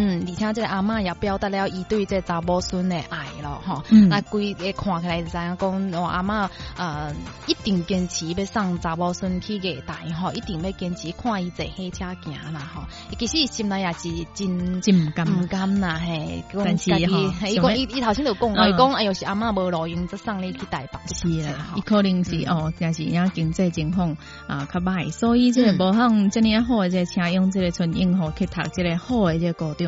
嗯，而且即個阿嬤也表達了伊對這查某孫的愛咯，嗯，那規嘅看起來就知影講，我阿嬤呃一定堅持要送查某孫，去迄個台吼，一定要堅持，看伊坐火車行啦，哈。其實伊心裏也是真真不甘，不甘啊，係堅持。伊伊伊頭先就講啦，講，哎喲，阿嬤無路用，則送你去台北，是，可能是哦，也是而經濟情況啊，較歹，所以真係唔好，真係好個車用，即個純英豪去讀，即個好嘅即個高中。.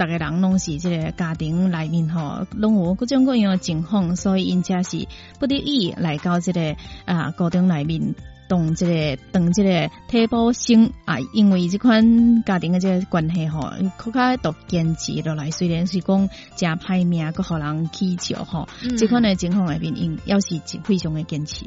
逐個人攏是即個家庭內面吼攏有各種各樣嘅情況，所以因正是不得已來到即個啊，高中內面動即個動即個替補生啊，因為即款家庭嘅即個關係吼，嗬，佢家都堅持落來，雖然是講正歹命擱互人取笑吼，即款嘅情況內面因抑是非常嘅堅持。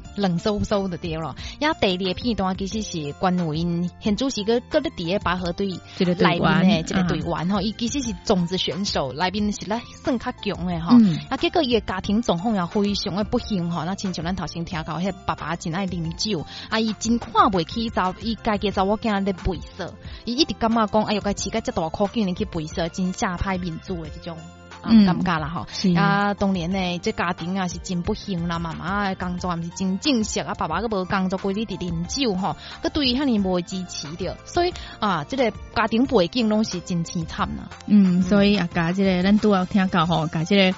冷颼颼的，對了，第二個片段其實是關於，現主持個嗰啲地也拔河隊裏這個隊員吼，伊、嗯、其實是種子選手，裏面是咧算較強的哈、嗯啊。啊，結果伊嘅家庭狀況也非常的不幸哈，那親像咱頭先聽到，遐爸爸真愛啉酒，啊伊真看未起查某，伊家己查某囝仔咧背色，伊一直感覺講，哎呦，佮起個只大酷勁，你去背色，真下派面子之種。啊、嗯，感覺啦吼，是啊，當年呢，即家庭啊是真不幸啦，媽媽的工作也毋是真正式，啊，爸爸都無工作規日佇啉酒吼，佢、啊、對伊遐爾無支持着，所以啊，即、這個家庭背景攏是真淒慘啦。嗯，所以、嗯、啊，甲即、這個，咱都要聽到吼甲即個。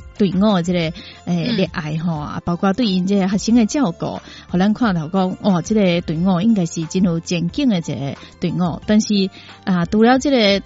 對我即、這個誒啲愛嗬，包括對於即個學生嘅照顧，可能看頭講哦，即、這個對我應該是真有前景嘅即個對我，但是啊、呃，除了即、這個。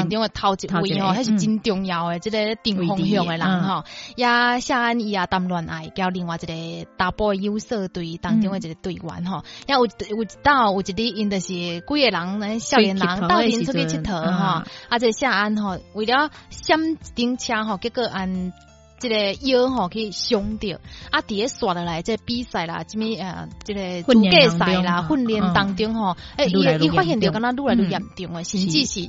當中嘅頭一位吼，迄是真重要嘅，即個頂風向嘅人哈。也夏安伊也談戀愛，叫另外一個大波優勢隊當中嘅一個隊員哈。因為我有一道，我這因是幾個人少年郎鬥陣出去佚佗哈。啊，即夏安為了先頂車哈，結果按即個腰去傷着。啊，來，比賽啦，這呃，即個賽啦，訓練當中哈，誒，發現到，敢若越來越嚴重嘅，甚至是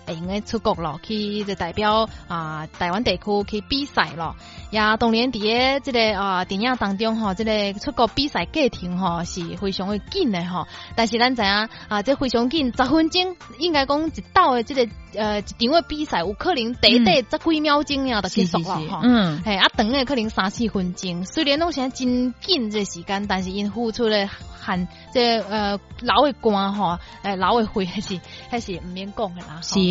會用誒出國咯，去即代表啊、呃、台灣地區去比賽咯。也當年佇誒即個啊、呃、電影當中吼，即、這個出國比賽過程吼是非常誒緊誒吼。但是，咱知影啊，即非常緊，十分鐘應該講一到誒、這個，即個呃一場誒比賽，有可能短短十幾秒鐘就結束啦。嗯，誒，一、嗯啊、長嘅可能三四分鐘。雖然攏是安真緊即個時間，但是因付出誒汗，即、呃、老誒腦嘅汗，哈、呃，誒腦嘅血，開是開始毋免講誒啦。是。